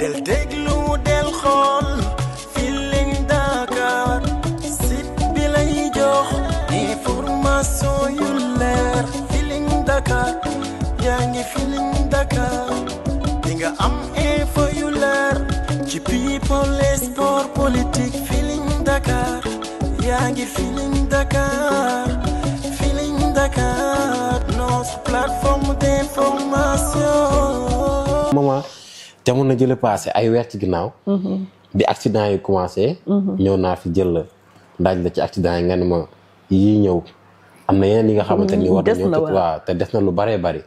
del déglu del xool Feeling Dakar site bi lay yu leer Feeling Dakar yaa ngi Feeling Dakar nga am info yu leer ci people sport politique Feeling Dakar yaa ngi Dakar Feeling Dakar notre plateforme d'information. Maman. jamono jële passé ay weer ci ginnaaw. Mhm. bi accident yi commencé. Mhm. ñëw naa fi jël la daaj la ci accident yi nga ni ma yii ñëw. am na yeneen yi nga xamante ni mhm. war nañoo tëdd waaw te des na lu bëree bëri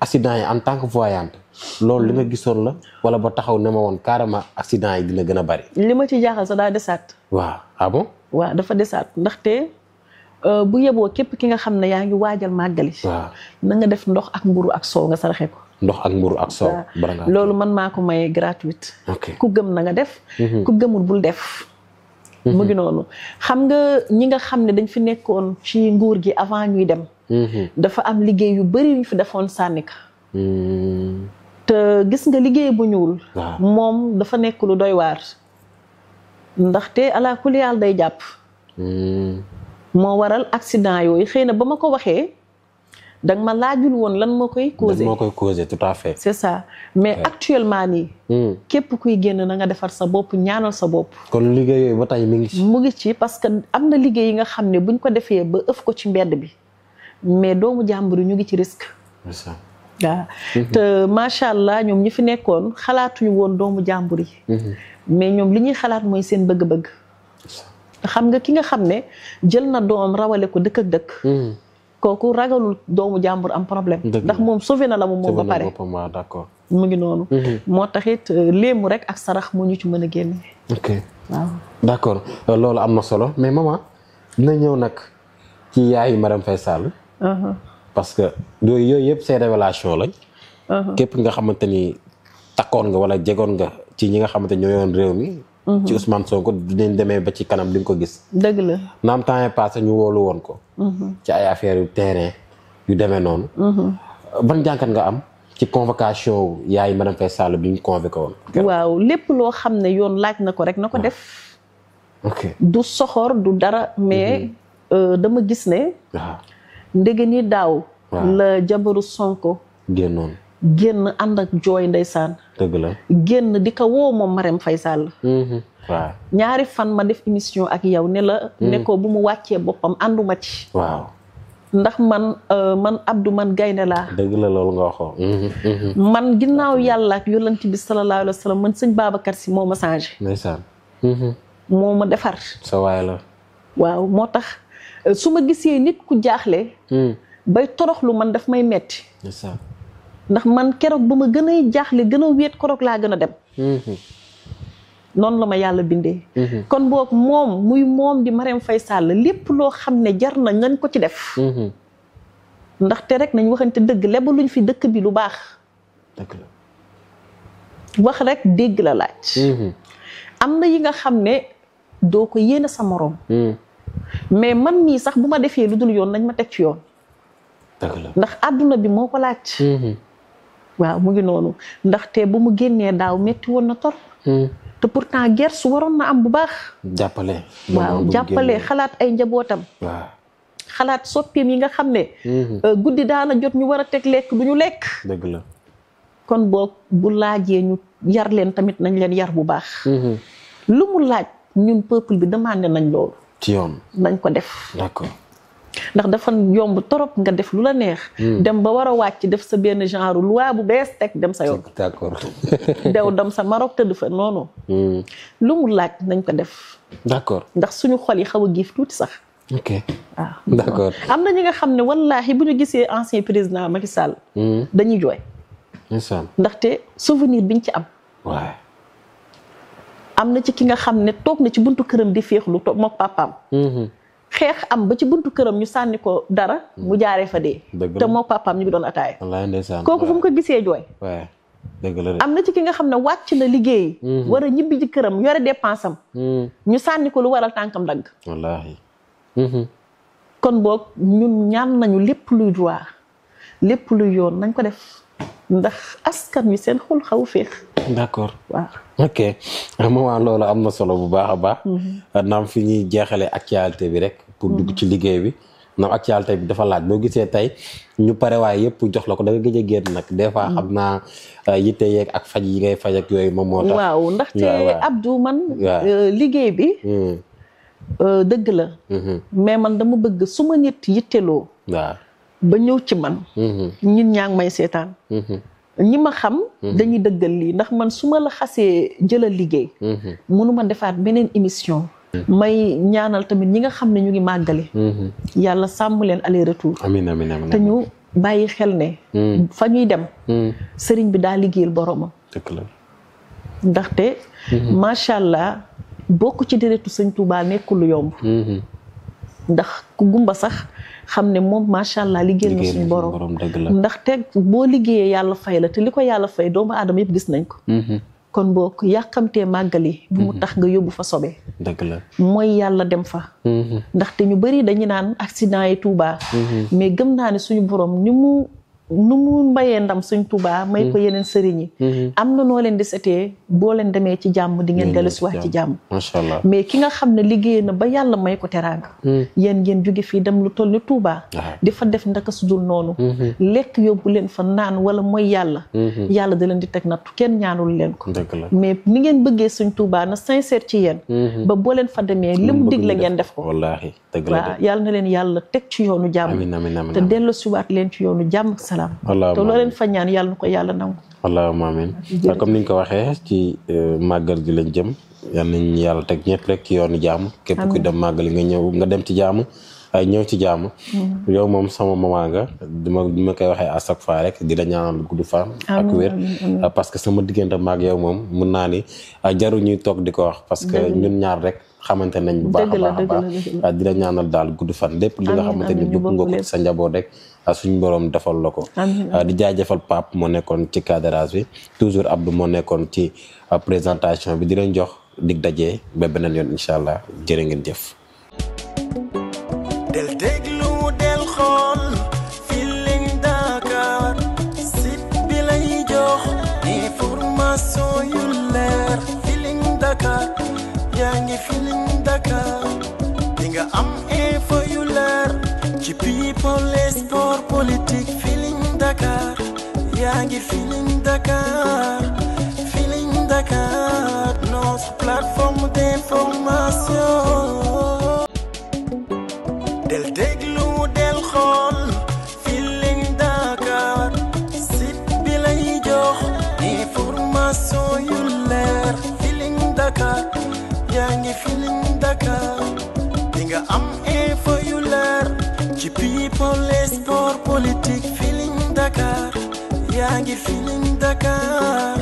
accident yi en tant que voyante loolu li ma gisoon la wala ba taxaw ne ma woon carrément accident yi dina gën a bëri li ma ci jaaxal sa daa desaat waaw ah bon dafa desaat ndaxte euh, bu yeboo képp ki nga xam ne yaa ngi waajal màggali waaw na nga def ndox ak mburu ak soow nga saraxe ko ndox ak mburu ak soow loolu man maa ko maye gratuite ku gëm na nga def mhm. ku gëmul bul def mhm. mu ngi noonu xam nga ñi nga xam ne dañ fi nekkoon ci nguur gi avant ñuy dem mhm. dafa am liggéey yu bari yuñ fi defoon sànni ka te gis nga liggéey bu ñuul moom dafa nekk lu doy waar ndaxte ala kulli yàlla day jàpp moo waral accident yooyu xëy na ba ma ko waxee da nga ma laajul woon lan moo koy causé moo koy causé tout à fait c'est ça mais actuellement nii hmm. képp kuy génn na nga defar sa bopp ñaanal sa bopp kon liggéey yooyu ba tey mi ngi ci mu ngi ci parce que am na liggéey yi nga xam ne bu ñu ko defee ba ëf ko ci mbedd bi mais doomu jàmbur ñu ngi ci risque waaw hmm. te macha allah ñoom ñu fi nekkoon xalaatuñu woon doomu jàmbur yi hmm. mais ñoom li ñuy xalaat mooy seen bëgg-bëgg xam nga ki nga xam ne jël na doom rawale ko dëkk dëkk kooku ragalul doomu jàmbur am problème. ndax moom sauvé na la mu moom ba pare d'accord mu ngi noonu. Mhm. moo taxit euh, léemu rek ak sarax mu ñu ci mën a génne. ok waaw d'accord euh, loolu am na solo mais maman na ñëw nag ci ma Marème Faye Sall. Uh-huh. parce que yooyu yooyu yëpp ces révélation lañ. Uh-huh. képp nga xamante ni takkoon nga wala jegoon nga ci ñi nga xamante ñoo yoon réew mi. Mm-hmm. ci Ousmane Sonko dinañ demee ba ci kanam di nga ko gis. dëgg la naam temps est passé ñu woolu woon ko. Mm-hmm. ci ay affaires yu terrain yu demee noonu. Mm-hmm. ban jànkat nga am. ci convocation yaay madame Faye Sall bi ñu convoqué woon. waaw lépp loo xam ne yoon laaj na ko rek na ko def. ok du soxor du dara. mais euh, dama gis ne. waaw ah. ndege ni daaw. Ah. la jabaru Sonko. génn ànd ak jooy ndeysaan. dëgg la génn di ko woo moom Marème Faye Sall. Mhm. waaw ñaari fan ma def émission ak yow ne la. Mhm. ne ko bu mu wàccee boppam ànduma ci. waaw ndax man euh, man Abdou man gaynde laa. dëgg la loolu nga waxoon. Mhm. man ginnaaw yàlla ak yonent bi sallallahu alayhi wa man sëñ Babacar si moo ma changé. ndeysaan. defar. sa waay la. waaw moo tax euh, su ma gisee nit ku jaaxle. bay toroxlu man daf may metti. ndax man keroog ba ma gën a jaaxle gën a wéet keroog laa gën a dem mhm. noonu la ma yàlla bindee mhm. kon boo moom muy moom di Marème fay sàll lépp loo xam ne jar na ngañ ko ci def mhm. rek nañ waxante dëgg lebaluñ fi dëkk bi lu baax dëgg dégg la laaj na yi nga xam ne doo ko yéene sa moroom mais man mii sax bu ma defee lu dul yoon nañ ma teg ci yoon ndax àdduna bi moo ko laaj waaw mu ngi noonu ndaxte bu mu génnee daaw metti woon na torop hmm. te pourtant su waroon na am bu baax. jàppale. waaw jàppale xalaat ay njabootam. waaw xalaat soppiim yi nga xam ne. Hmm. Euh, guddi daana jot ñu war a teg lekk du ñu lekk. la kon boo bu laajee ñu yar leen tamit nañ leen yar bu baax. Hmm. lu mu laaj ñun peuple bi demandé nañ loolu. ci yoon nañ ko def. d'accord. ndax dafa yomb trop nga def lu la neex. Hmm. dem ba war a ci def sa benn genre loi bu bees teg dem sa yoon. dem sa Maroc tëdd fa noonu. Hmm. lu mu laaj nañ ko def. d'accord ndax suñu xol yi xaw a giif tuuti sax. ok waaw ah. am na ñi nga xam ne wallaahi bu ñu gisee ancien président Macky Sall. Hmm. dañuy jooy. incha ndaxte souvenir biñ ci am. waaw. am na ci ki nga xam ne toog na ci buntu këram di féexlu toog mook papaam. xeex am ba ci buntu këram ñu sànni ko dara mu jaaree fa de te moo papaam ñu bi doon ataaya kooku fu mu ko gisee jooy am na ci ki nga xam ne wàcc na liggéey mm-hmm. war a ñibbi ci këram yore dépense am mm-hmm. ñu sànni ko lu waral tànkam dagg wallaahi mm-hmm. kon boog ñun ñaan nañu lépp luy droit lépp luy yoon nañ ko def ndax askan wi seen xol xaw féex d'accord waaw ok moment loolu am na solo bu baax a baax naam fi ñuy jeexale actualité bi rek pour dugg ci liggéey bi ndax actualité bi dafa laaj boo gisee tey ñu pare waaye yëpp jox la ko da nga a génn nag des fois xam mm. naa euh, yitte yeeg ak faj yi ngay faj ak yooyu moom moo tax waaw ndaxte Abdou man euh, liggéey bi mm. euh, dëgg la mm-hmm. mais man dama bëgg su ma nit yitteloo ba ñëw ci man mm-hmm. ñin ñaa ngi may seetaan mm-hmm. ñi ma xam dañuy dëggal lii ndax man su ma la xasee jëlal liggéey mënuma defaat beneen émission may ñaanal tamit ñi nga xam ne ñu ngi màggale. Mm-hmm. yàlla sàmm leen aller retour. amiin amiin amiin te ñu bàyyi xel ne. Mm. fa ñuy dem. Mm. sëriñ bi daal liggéeyal boromam. dëgg la ndaxte. Mm-hmm. macha allah bokk ci deretu sëñ Touba nekkul lu yomb. Mm-hmm. ndax ku gumba sax xam ne moom macha allah liggéeyal na suñu borom. dëgg la ndaxte boo liggéeyee yàlla fay la te li ko yàlla fay doomu aadama yëpp gis nañ ko. kon boo ko yàqamtee màggali. bu mu mhm. tax nga yóbbu fa sobe. dëgg la mooy yàlla dem fa. Mhm. ndaxte ñu bari dañu naan accidents yi Tuuba. Mhm. mais gëm naa ne suñu borom ni mu. nu mu mbayee ndam suñ Tuubaa may ko mm-hmm. yeneen sëriñ yi mm-hmm. am na noo leen di setee boo leen demee ci jàmm di ngeen dellusi waat ci jàmm macha allah mais ki nga xam ne liggéey na ba yàlla may ko teraanga mm. yéen ngeen fii dem lu toll ni Tuubaa ah. di fa def ndaka su dul noonu mm-hmm. lekk yóbbu leen fa naan wala mooy yàlla yàlla da leen di teg nattu kenn ñaanul leen ko mais ni ngeen bëggee suñ Tuubaa na sincère ci yéen ba boo leen fa demee li mu dig ngeen def ko wallaahi dëgg la leen yàlla teg ci yoonu jàmm te dellusi waat leen ci yoonu jàmm islam a loo leen fa ñaan yàlla na ko yàlla nangu allahumma amin comme niñ ko waxee ci euh, màggal gi lañ jëm yal nañ yàlla teg ñëpp rek ci yoonu jaamu ke ku dem li nga ñëw nga dem ci jaamu ay ñëw ci jaamu hmm. yow moom sama maman nga dima di ma koy waxee a chaque fois rek di la ñaanal gudd fan ak wér parce que sama diggante maag yow moom mun naa ni jaru toog di ko wax parce que ñun ñaar rek xamante nañ bu baax a baax a baax di la ñaanal daal gudd fan lépp li nga xamante ni bëgg nga ci sa njaboot rek ah, suñ borom defal la ko ah, di jaajëfal Pape moo nekkoon ci cadrage bi toujours Abdou moo nekkoon ci ah, présentation bi di leen jox dig dajee ba beneen yoon incha allah jërë ngeen jëf yaa ngi Feeling Dakar Feeling Dakar del déglu del xool Feeling Dakar site bi lay jox information yu leer Feeling Dakar yaa ngi Feeling Dakar yu leer ci people et sport politique Feeling Dakar. yaa ngi Feeling Dakar